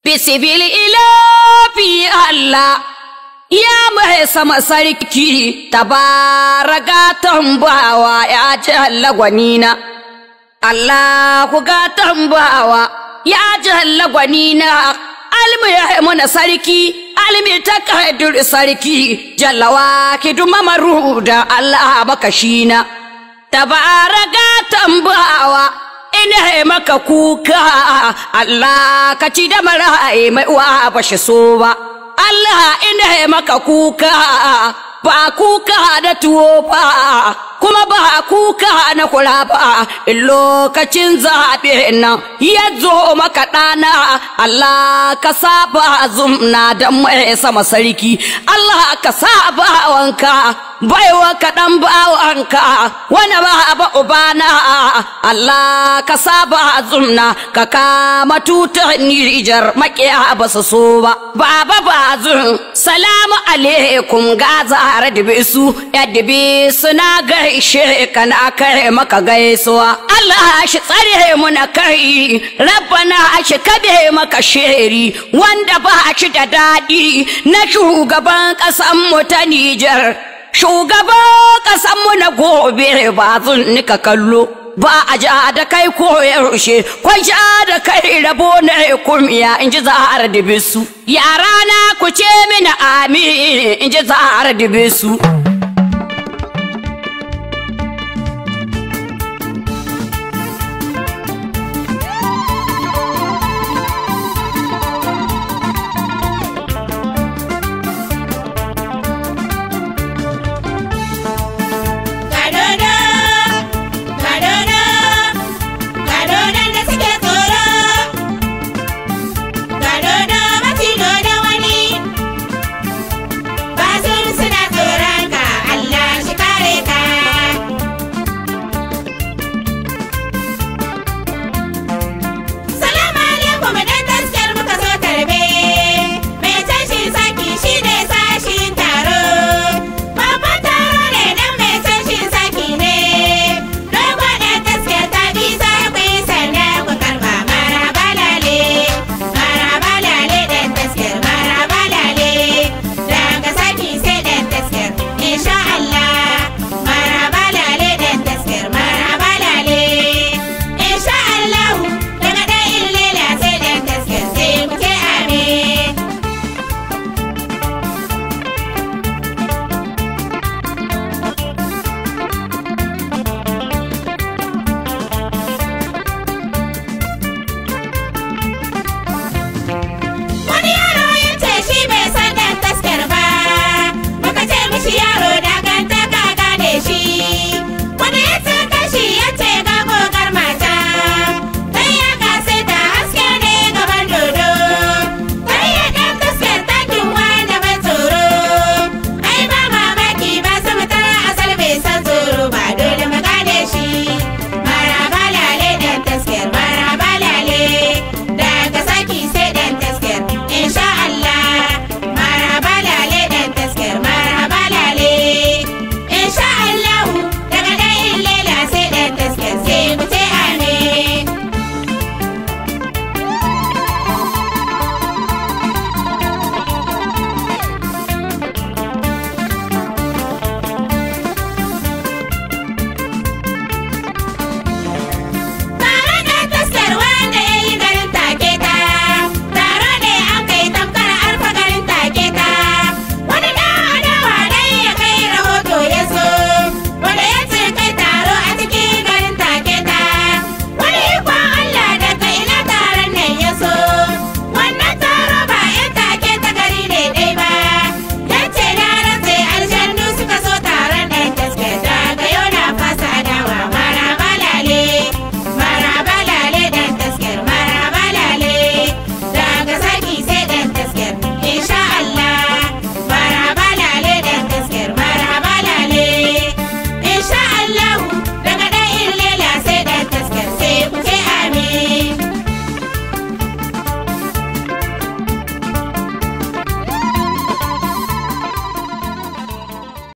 Bisibil ilafi Allah ya mai sama sarki tabaraga tambawa ya ji hallagwanina. Allah ku ga tambawa ya ji hallagwanina almi na sarki almi ta kadir sarki jallawa ki dumamaru da Allah makashina. Tabaraga tambawa ne maka kuka Allah ka ci da mara mai uwa ba shi so ba Allah ina maka kuka ba kuka da tuwo ba kuma ba kuka na kula ba in lokacin zaɓe nan ya zo maka ɗana Allah ka saba zumna da mai sama sarki Allah ka saba wanka baiwa kaɗan bawanka wani ba ba ubana Allah ka saba azumna ka kama tutar Nijar makiya ba su so ba baba ba bazum salamu alaikum ga zahar da bisu ya suna gaishe kana kai maka gaisuwa Allah shi tsare mu na kai rabbana shi kabe maka sheri wanda ba shi da dadi na shugaban kasan mu ta Nijar shugaban kasan mu na gobe ba zun nika kallo ba a ja da kai ko ya rushe ko ja da kai rabo na kumiya in ji za a dibe su yara na ku ce mini amin in ji za a dibe su